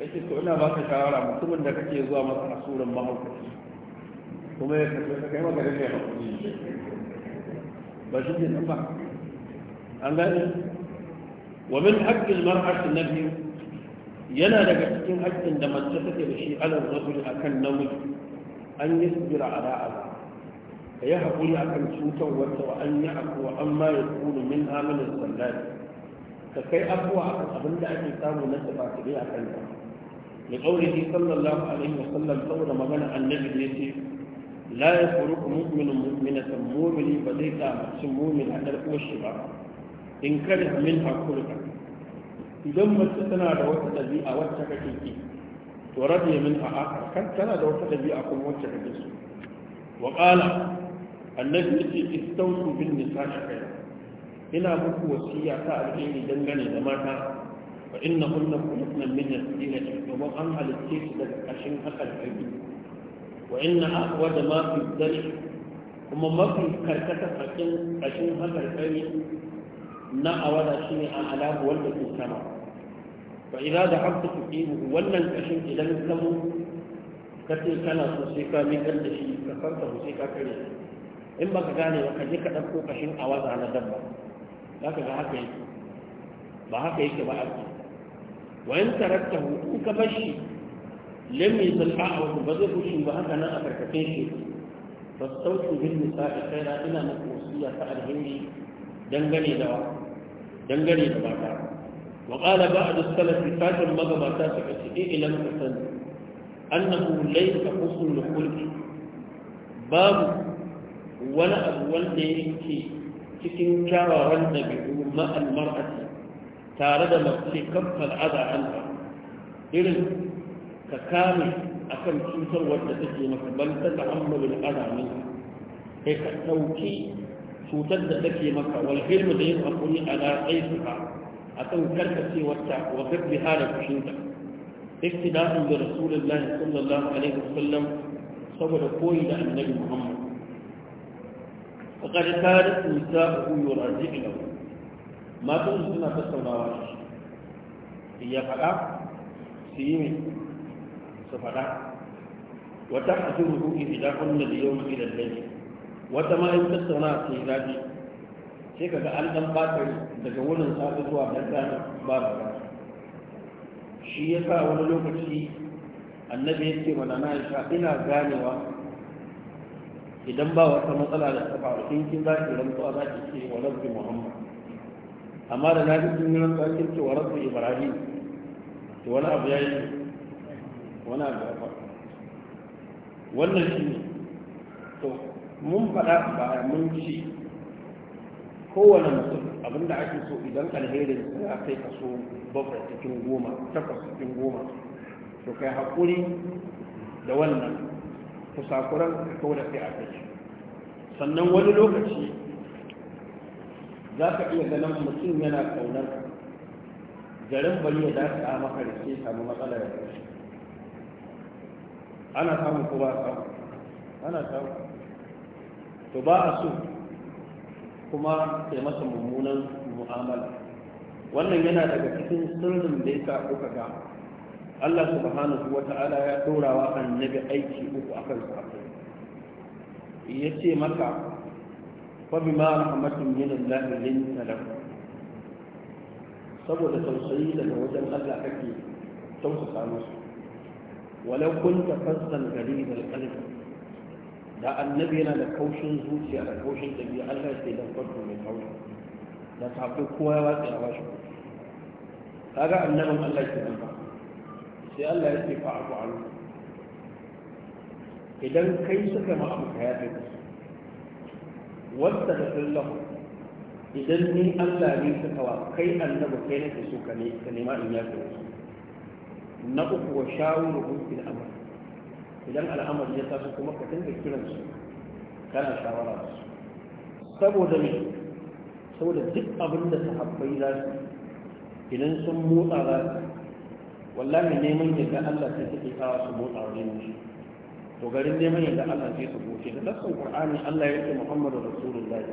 انت باقى شعارة مطلوب انك تي يزوى مطلع صورا وما يفتح لك ايما كده ومن حق المرحة النبي yana daga cikin haƙƙin da mace take da shi alal rajul akan namiji an yi sujira ala ala ka yi haƙuri akan cutar wata wa an yi akuwa an ma ya kunu min aminin sallari ka kai abuwa akan abin da ake samu na tafatiri a kan ta da ƙaurihi sallallahu alaihi wa sallam saboda magana annabi ne ce la ya furu ku mu'minin mu'minatan mu'mini ba zai kamaci mu'min a ɗarƙuwar shi ba in kada min haƙurka idan mace tana da wata ɗabi'a wacce kake ki to rabe min a kan tana da wata ɗabi'a kuma wacce kake so wa qala annabi yace istawsu bin nisa'i khayra ina muku wasiya ta alheri dangane da mata fa innahunna khulqna min al-dinati domin an halitte su daga ƙashin akal kabi wa inna aqwa da ma fi kuma mafi karkatar ƙashin akal kabi na a awada shine a alamu wanda ke sama Ba ina da habta tuqimu wannan kashin idan ka mu ka ce kana so sai ka miƙar da shi ka farka sai ka kare in ba ka gane ba ka je ka ɗauko kashin awada na dabba za ka ga haka yake ba haka yake ba ake wa in tarattahu in ka bar shi lam yuzal a'wa ba zai fushi ba haka nan a karkashin shi ba su fastautu bin nisa'i kaina ina muku wasiya ta alheri dangane da dangane da mata wa qala ba'd as-salaf fatin magabata suka ce eh ilam ka san annahu laysa husnul khulqi babu wani abu wanda yake cikin kyawawan dabi'u ma'al mar'ati tare da mace kamfan aza an irin ka kame akan cutar wadda take maka bal ta ta'ammalul aza min kai ka dauki cutar da take maka wal hilmu da yin a hakuri ala aisuka akan wata, wa gabbi hada fushinta iktida'un bi rasulillah sallallahu alaihi wasallam saboda koyi da annabi muhammad faqad kanat nisa'u yuraji'u matan suna tattaunawa shi ya faɗa su yi mai su faɗa wata a zuwa ruhu idan kunna da yau mai lallai wata ma in tattauna ta yi zafi sai ka ga an ɗan bakari daga wurin safi zuwa ɗan ɗana babu ba shi ya sa wani lokaci annabi ya ce mana na isha ina ganewa idan ba wata matsala da ta faru in kin zaki rantsuwa za ki ce wa rabbi muhammad amma da na ji kin yi rantsuwa kin ce wa rabbi ibrahim to wani abu ya yi wani abu ya faru wannan shi ne mun faɗa a baya mun ci kowane mutum abinda ake so idan alherin ya kai kaso bakwai cikin goma takwas cikin goma to kai haƙuri da wannan kusakuran ka kawo da kai a kai sannan wani lokaci za ka iya ganin mutum yana ƙaunar garin bari ya dace a maka da ke samu matsalar ana samun ko ba samu ana samu to ba a so kuma sai masa mummunan mu'amala wannan yana daga cikin sirrin da ya kuka ga Allah subhanahu wa ta'ala ya ɗorawa annabi aiki uku akan safe ya ce maka fa bima rahmatin min Allah lin saboda tausayi daga wajen Allah kake tausasa musu walau kunta fassan gari da alƙalbi da annabi yana da kaushin zuciya da kaushin ɗabi'a Allah sai dan farko mai kaushin da safe kowa ya watsa ya bashi kaga annabin Allah ke nan ba sai Allah ya ce fa abu an idan kai suka ma abu ka yafe ku wasta da sallahu idan ni Allah ne suka wa kai annabi kai nake so ka ne ka nema in yafe ku na uku wa shawo da fil amr idan al'amari ya taso kuma ka dinga kiran su kana shawara da su saboda me saboda duk abin da sahabbai za su idan sun motsa za su wallahi neman yadda Allah sai take kawo su motsa neman shi to garin neman yadda Allah sai su goce da dasan Qur'ani Allah ya ce Muhammadu Rasulullah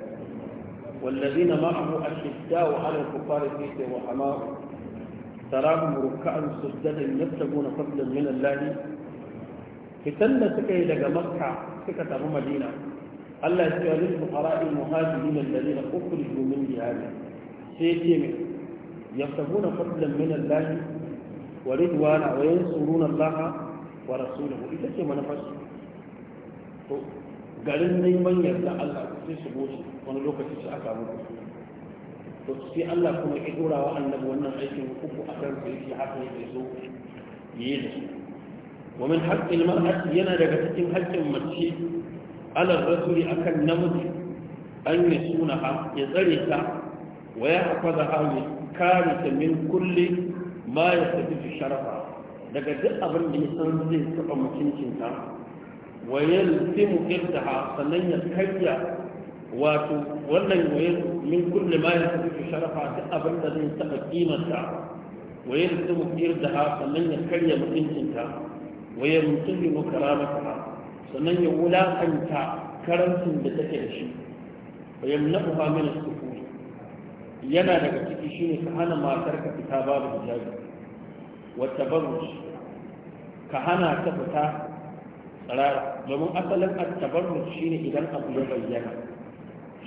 والذين معه أشداء على الكفار في رحماء تراهم ركعا سجدا يبتغون فضلا من الله fitan da suka yi daga makka suka tafi madina Allah ya ce wa lil dare muhajirin alladhina ukhriju min diyarihim sai yake mai yaftabuna fadlan min Allah wa ridwana wa yansuruna Allah wa rasulahu ita ce manufarsu to garin neman yadda Allah sai su goce wani lokaci su aka muku to sai Allah kuma ya dora wa annabi wannan aikin uku kan sai shi haka yake ya yi da su wa min haqqil mar'ati yana daga cikin haƙƙin mace alal rasuli akan namiji an yi sunaha ya tsare ta wa ya hafaza ha ya kare ta min kulli ma ya tafi sharafa daga duk abin ya san zai taɓa mutuncinta wa yalzimu irtaha sannan ya karya wato wannan wayar min ma ya tafi sharafa zai sannan ya karya wa yantahi karamataha sannan ya wulakanta karancin da take da shi wa yamna'uha min as-sukun yana daga ciki shine ka hana matar ka fita babu hijabi wa tabarruj ka hana ta fita tsarara domin asalin at-tabarruj shine idan abu ya bayyana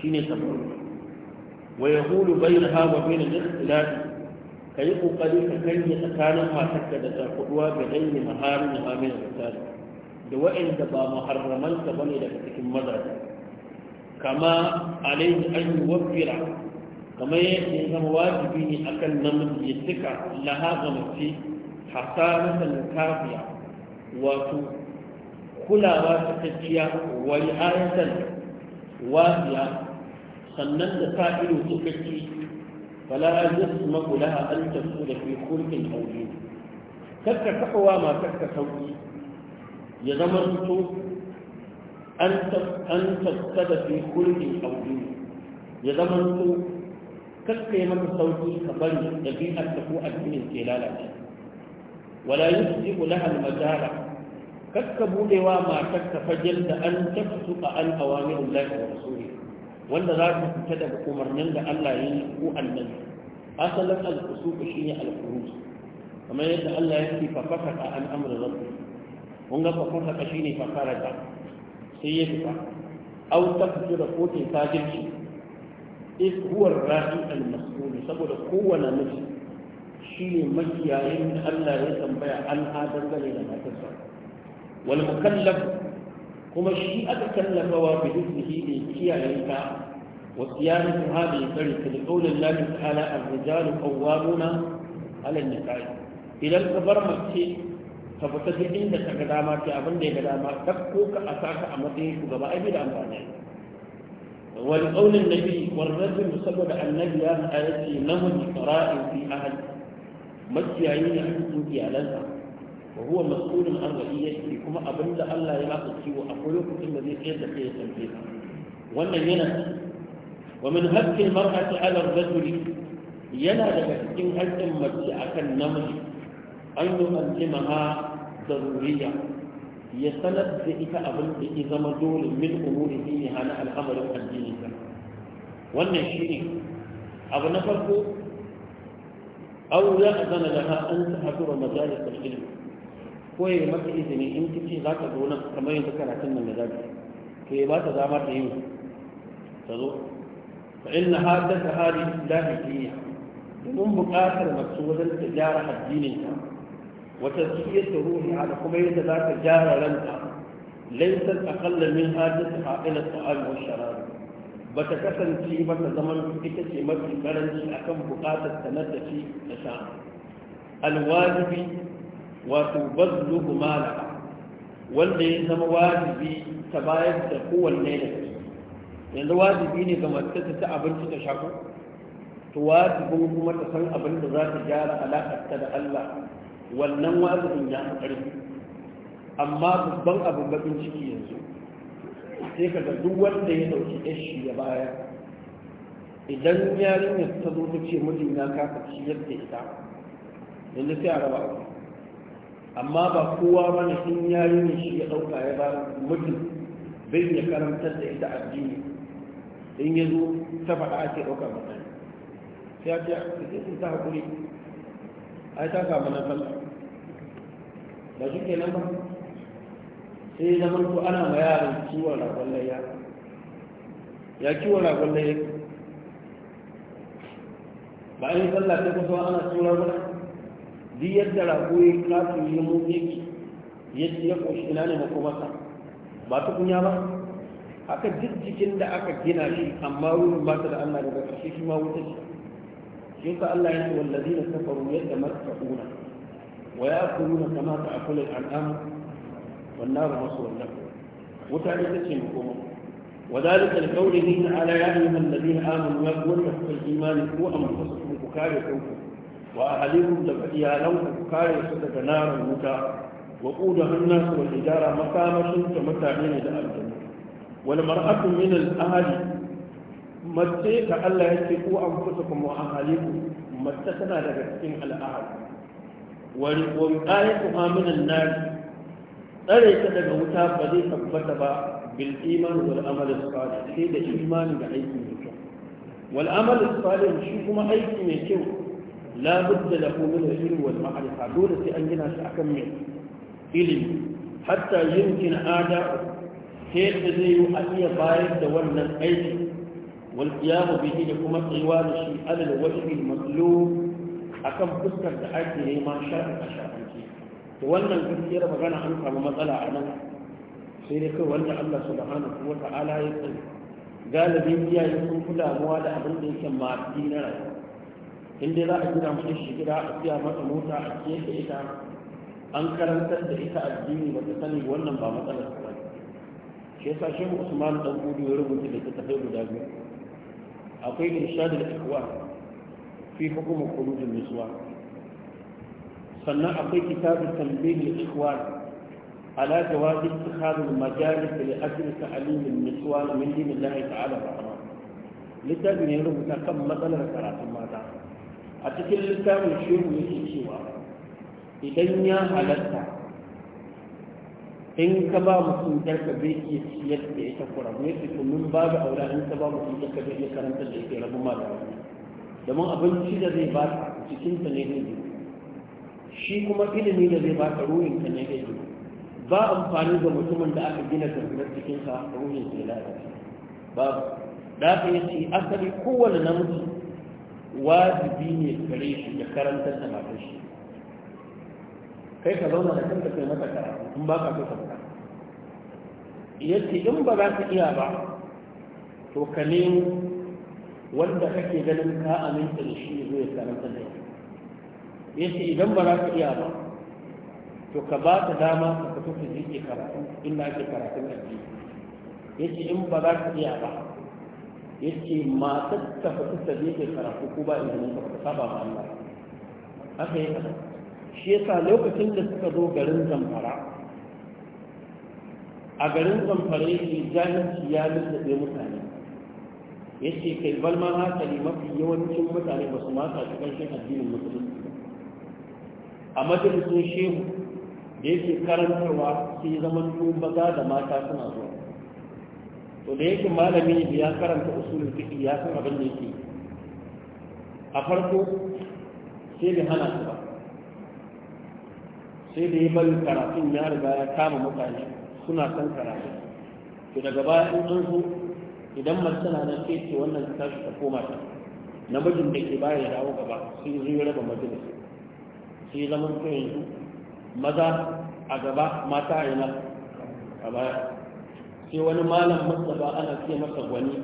shine tabarruj wa yahulu bainaha wa bain al-ikhtilaf ka yi kokari ka kange tsakanin matarka da tsarkuduwa ga dangi maharin da mamin da tsari da wa'inda ba ne daga cikin mazaje kama alaihi an yuwaffira kamar yadda ya zama wajibi ne akan namiji ya cika laha ga mace hasanatan kafiya wato kulawa cikakkiya wani ayatan wafiya sannan da sa ido cikakki فلا يسمح لها أن تكون في خلق أو دين تكا تقوى ما تكا سوي يزمرت أن أن تفسد في خلق أو دين يزمرت تكا يمك سوي كبر نبيئة تقوى الدين كلالة ولا يسمح لها المجال تكا بولوا ما تكا فجل أن تفسق عن أوامر الله ورسوله wanda za ka fita daga umarnin da Allah ya yi ko annabi asalin al shi ne al-khuruj kamar yadda Allah ya ce fa fasaka an amri rabbi kun ga fa fasaka ne fa faraja sai ya fita aw tafsira ko ta fajirci is huwa ar-ra'i al-mas'ul saboda kowane miji shine makiyayin da Allah ya tambaya an adangane da matarsa wal mukallaf kuma shi aka kallafa wa bi iznihi ne kiyaye ka wa siyamatu hadhihi tariqa li qawli Allah ta'ala ar-rijalu qawwamuna 'ala an-nisa'i idan ka bar mace ka fita duk inda ka ga dama ta abin da ya ga dama dakko ka a saka a matsayin shugaba ai bai da amfani wal qawlin nabi wal rajul saboda annabi ya ayati namu qara'in fi ahli makiyayi ne a cikin iyalansa wa huwa mas'ulun an ra'iyyati kuma abinda Allah ya maka ciwo akwai lokacin da zai tsayar da kai ya tambaye ka wannan yana wa min haqqi al-mar'ati 'ala ar yana daga cikin haƙƙin mace akan namiji an yi aljimaha daruriya ya sanar da ita abin da ya zama dole min umuri dini hana al'amarin addini ka wannan shi ne abu na farko aure ya azana da ha an ta hadu majalis ilmi ko ya maka izini in ta ce za ka zo nan kamar yanzu karatun nan da za ka to ba ta dama ta yi ta zo fa inna haddatha hali islahi diniya domin buƙatar masu wajen ta gyara addinin wata zuciyar ta ruhi da kuma yadda za ta gyara ranta laifin a laisar akalla min haddatha ha'ila ta'al wa sharar ba ta kasance ba ta zaman ita ce mafi karanci akan buƙatar ta na tafi da sha alwajibi wato bazlu mala wanda ya zama wajibi ta bayar da kowanne da yanzu wajibi ne ga mace ta ci abinci ta shaku to wajibin kuma ta san abin da za ta gyara ta da Allah wannan wajibin ya fi ƙarfi amma babban abin bakin ciki yanzu sai ka ga duk wanda ya dauki ɗashi ya baya idan yarinyar ta zo ta ce mijina ka ci yadda ita yanzu sai a raba amma ba kowa bane in ya yi ne shi ya ɗauka ya ba mutum bai ya karantar da ita addini in ya zo ta faɗa ake ɗauka mutane sai ya ce a cikin ta haƙuri ai ta kama mana sallah ba shi ke nan ba sai zaman ku ana ma yaran kiwon ragon layya ya kiwon ragon layya ba a yi sallah sai kusa ana tsoron duk yadda rago ya kafin yi mun yake yadda ya ƙoshi ina ne makomarsa ba kunya ba haka duk da aka gina shi amma wurin ba ta da Allah daga ƙarshe shi ma wuta shi shi ka Allah ya ce wallazi na kafaru yadda marta'una wa ya kuluna kamata a akulul al'amu? wannan masu wannan wuta ita ce makoma وذلك لقوله تعالى يا ايها الذين امنوا يا قوم في الايمان قوا انفسكم وكارثوكم wa ahalikum daga iyalanku ku kare su daga narin wuta wa ƙuda hannun wal ijara makamashin ta mutane ne da aljanu wal mar'atu min al mace ka Allah yake ku kuma wa ahalikum mace tana daga cikin al ahli wa riqayatu aminan nar tsare ta daga wuta ba zai tabbata ba bil iman wal amal salih sai da imani da aiki mai kyau wal amal salih shi kuma aiki mai kyau la budda lahu min al-ilm wal ma'rifa dole sai an gina shi akan me ilimi hatta yumkin ada sai da zai yi a iya bayar da wannan aiki wal qiyamu bihi da kuma tsayuwa da shi alal wajhi al akan fuskar da ake nema shafi a shafanci to wannan gaskiyar magana an samu matsala a nan sai dai kai wanda Allah subhanahu wa ta'ala ya tsare galibi iyaye sun fi damuwa da abin da yake mafi na rayuwa in dai za a gina mata shekara a siya mata mota a kefe ita an karantar da ita addini ba ta sani wannan ba matsalar ba shi yasa shehu usman dan gudu ya rubuta da ta guda biyu akwai irshadul ikwa fi hukum khulujin niswa sannan akwai kitabul tanbih lil ikhwan ala jawaz ittikhad al majalis li ajli ta'lim al niswan min din Allah ta'ala rahma littafi ne rubuta kan matsalar karatun mata a cikin littafin shehu yake cewa idan ya halatta in ka ba mutum ɗarka bai iya siyar da ita kurabu ya su domin ba da aure in ka ba mutum yarka bai iya karanta da ita rabu ma da wani domin abinci da zai ba ta cikin ta ne zai shi kuma ilimi da zai ba ta ruhin ta ne zai ba amfani ga mutumin da aka gina cikin sa ruhin sai lalace ba da aka yi asali kowane namiji wajibi ne gare shi da karantar da matar shi kai ka zauna da kanka kai mata karatu in ba ka so ka yace in ba za ka iya ba to ka nemo wanda kake ganin ka aminta da shi zai karanta da yace idan ba za ka iya ba to ka ba ta dama ka fito ka jike karatu inda ake karatun addini yace in ba za ka iya ba yace matar ta tafi ta je ta karatu ko ba izinin ka ta saba ma Allah haka yi shi yasa lokacin da suka zo garin Zamfara a garin Zamfara yake jahilci ya ɗaya mutane yace kai balma hankali mafi yawancin mutane ba su mata kan kanshin addinin musulunci a majalisun shehu da yake karantarwa sai zaman tun baza da mata suna zuwa to da yake malami ne ya karanta usulul fiqh ya san abin da yake a farko sai da hana su ba sai da ya bari karatun ya riga ya kama mutane suna son karatu to daga baya in sun zo idan mace na nan sai ce wannan ta shi ta koma ta namijin da ke baya ya dawo gaba sai zai yi raba majalis sai zaman kai yanzu maza a gaba mata a yana a baya sai wani malam masaba ana ce masa gwani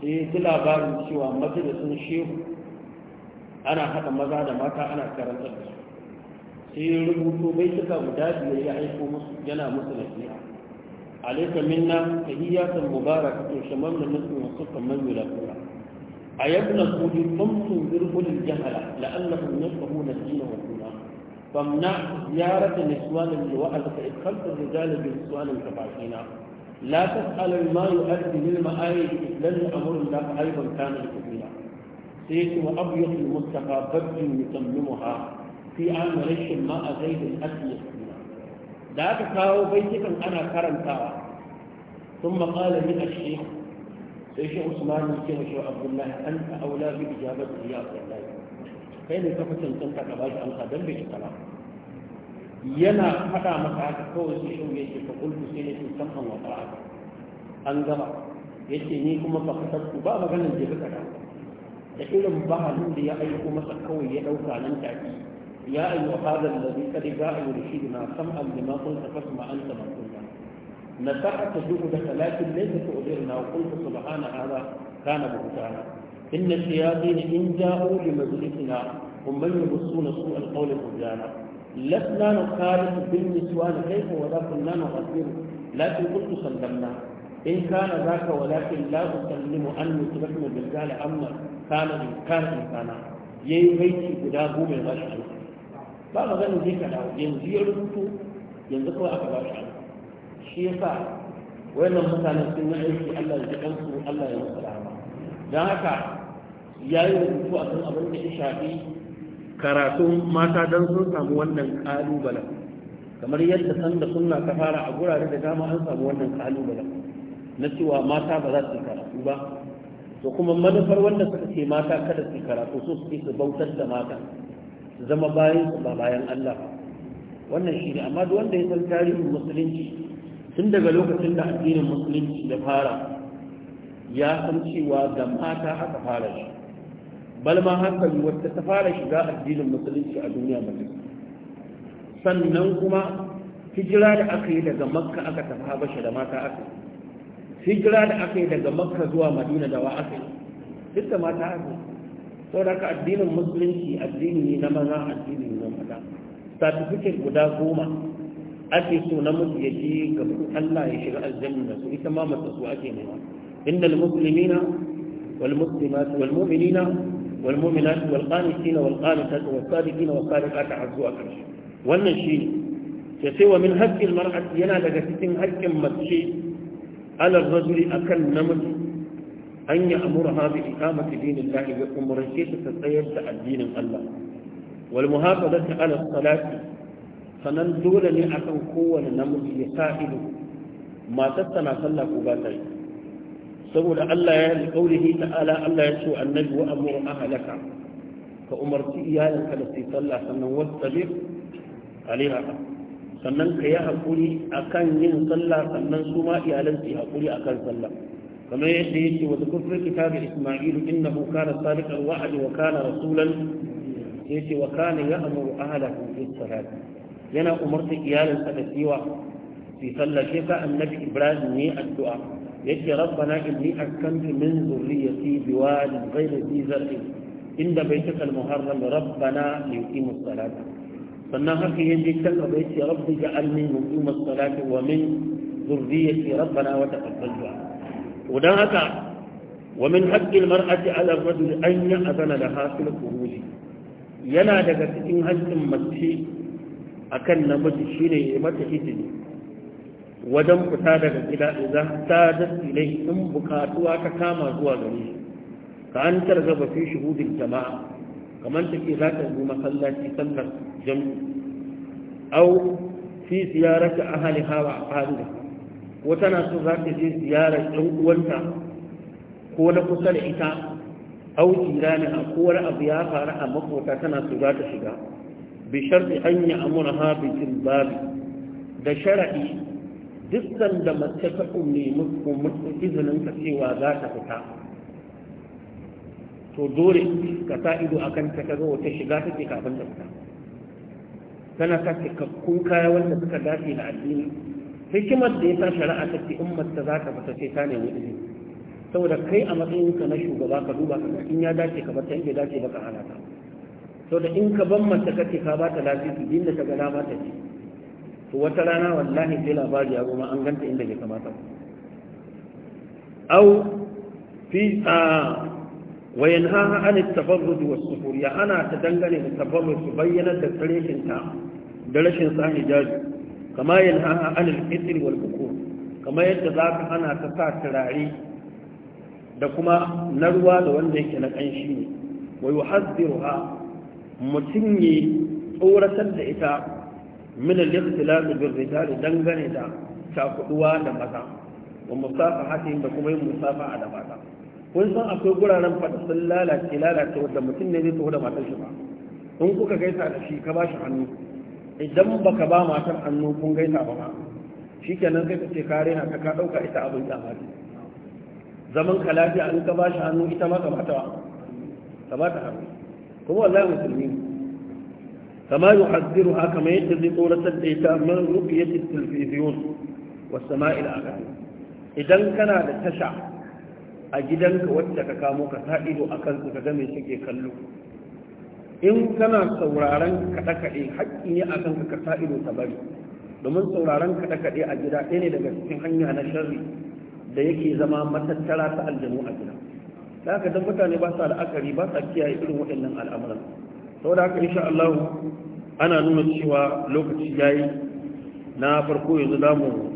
sai ji labarin cewa majalisun shehu ana haɗa maza da mata ana karanta da su sai ya rubuto bai suka guda biyar ya aiko musu yana musu nasiha alaika minna yi tahiyatan ka to shamam da nasu wasu kamar yulakura a yabna kudi famsu birkulin jahala la'allahum yasfahuna dinu wa dunahum فامنع زيارة نسوان لوألك إدخلت الرجال بنسوان كفاكينا لا تسأل ما يؤدي للمآيب لن أمر لك أيضا كان كثيرا سيت وأبيض المستقى بدل يتممها في عام ريش ما أزيد الأسل لا تكاو بيتك أنا كرمتا ثم قال من الشيخ سيش عثمان يكيم شو عبد الله أنت أولى بإجابة يا عبد الله كيف تفتن تنتك باش أنت دلبي كلام yana faɗa masa haka kawai su shi yake fa kulku sai ne sun san wa ta'ala an gaba yace ni kuma fa kasabtu ba maganar da kaka da irin bahalin da ya aiko masa kawai ya dauka nan take ya ayu hada alladhi qad ba'a rashidina sam'an lima qulta fasma anta man qulna نفعت جهدك لكن ليس تؤذرنا وقلت سبحان هذا كان بهتانا إن الشياطين إن جاءوا لمجلسنا هم من يبصون سوء القول بهتانا لسنا نخالف بالنسوان كيف ولكننا نغفر لكن كنت سلمنا إن كان ذاك ولكن لا أسلم أن يتبكم بالرجال أما كان إن كان إن كان yayi baiti guda goma ya bashi aiki ba maganin zai ka dawo yanzu ya rubutu yanzu kawai aka bashi aiki shi yasa wayannan mutanen sun yi aiki Allah ya jikan su Allah ya musu rahama dan haka yayi rubutu akan abin da ya karatun mata don sun samu wannan kalubalen kamar yadda sanda suna ta fara a gurare da dama an samu wannan kalubalen na cewa mata ba za su karatu ba to kuma manufar wanda suka ce mata kada su karatu su su su bautar da mata su zama bayan su ba bayan Allah wannan shi ne amma duk wanda ya san tarihin musulunci tun daga lokacin da addinin musulunci da fara ya san cewa da mata aka fara shi balma hankali wacce ta fara shiga addinin musulunci a duniya mace sannan kuma hijira da aka yi daga makka aka tafi habasha da mata aka hijira da aka yi daga makka zuwa madina da wa aka yi duk da mata aka sau da addinin musulunci addini ne na maza addini ne na mata satifiket guda goma ake so namiji ya je gaban allah ya shiga aljanna da su ita ma mace su ake nema inda musulmina والمسلمات والمؤمنين والمؤمنات والقانتين والقانتات والصادقين والصادقات عزوا كرشي wannan shi ya ce wa min haƙƙin mar'at yana daga cikin haƙƙin mace alar rajuli akan namiji an yi amura ha bi iqamati dinin lahi wa umurce ta tsayar da addinin Allah wal muhafazati ala salati sanan dole ne akan kowane namiji ya sa ido sallah saboda Allah ya yi kaulihi ta'ala Allah ya ce annabi wa amuru ahlaka ka umarci iyalinka da su sallah sannan wasabir alaiha sannan ka yi hakuri akan yin sallah sannan su ma iyalan su yi hakuri akan sallah kamar yadda ce wa zikr kitab isma'il innahu kana sadiqal wa'd wa kana rasulan ce wa kana ya'muru ahlahu bis salat yana umarta iyalinsa da siwa fi sallah sai ka annabi ibrahim ne addu'a yake rabbana inni askantu min zurriyati biwadin ghayri zi zar'i inda baitukal muharram rabbana liqimus salata sannan haka yaje kan abai ce rabbi ja'alni muqimus salati wa min zurriyati rabbana wa taqabbal du'a to dan haka wa min haqqil mar'ati 'ala ar-rajuli an ya'zana laha fil khuruj yana daga cikin haƙƙin mace akan namiji shine ya mata izini wajen fita daga gida za ta da ilai in bukatuwa ta kama zuwa gare shi ka an targaba fi shuhudin jama'a kamar take za ta zo masallaci sallar jam'i au fi ziyarata ahali hawa a fahimta ko tana so za ta je ziyarar ɗan uwanta ko na kusa da ita au jirani a kowar abu ya faru a makota tana so za ta shiga bishar da hanya amurha bikin babi da shara'i duk da mace ta nemi izinin ka cewa za ta fita to dole ka sa ido a kan ta kaga wata shiga take kafin ta fita tana sa cikakkun kaya wanda suka dace da addini hikimar da ya sa shari'a ta ce ummar ta za ta fita sai ta nemi izini saboda kai a matsayinka na shugaba ka duba ka in ya dace ka bar ta in bai dace ba ka hana ta saboda in ka ban mace kace ka ba ta lafiya din da ta ga ba ta ce to wata rana wallahi sai labari ya goma an ganta inda ya kamata au fi a wayan haha an tafarruji da wasu ya Ana ta dangane da tafarruji su bayyana da tsareshinta da rashin sani hijabi kama yan haha Anis al wal bukur kama yadda za ka hana ta sa turare da kuma na ruwa da wanda yake na kanshi ne wa yuhaddiruha mutum ya tsoratar da ita min al-ikhtilaf bil rijal dangane da takuduwa da maza wa musafahatin da kuma yin a da mata kun san akwai guraren fada sun lalace lalace wanda mutum ne zai taho da matar shi ba in kuka gaisa da shi ka ba shi hannu idan baka ba matar hannu kun gaisa ba ma Shi shikenan sai ka ce ka rena ka ka dauka ita abin da mata zaman ka lafiya in ka ba shi hannu ita ma ka ta ka bata hannu kuma wallahi musulmi kama yuhaddiruha kama yadda zai tsoratar da ita min ruqyati telebijin was sama'il a'la idan kana da tasha a gidanka wacce ka kamo ka sa ido a kansu ka ga me suke kallo in kana sauraron kaɗe-kaɗe haƙƙi ne a kanka ka sa ta bari domin sauraron kaɗe-kaɗe a gida ɗaya ne daga cikin hanya na sharri da yake zama matattara ta aljanu a gida da haka don mutane ba sa la'akari ba sa kiyaye irin waɗannan al'amuran saboda haka insha Allah ana nuna cewa lokaci yayi na farko yanzu zamu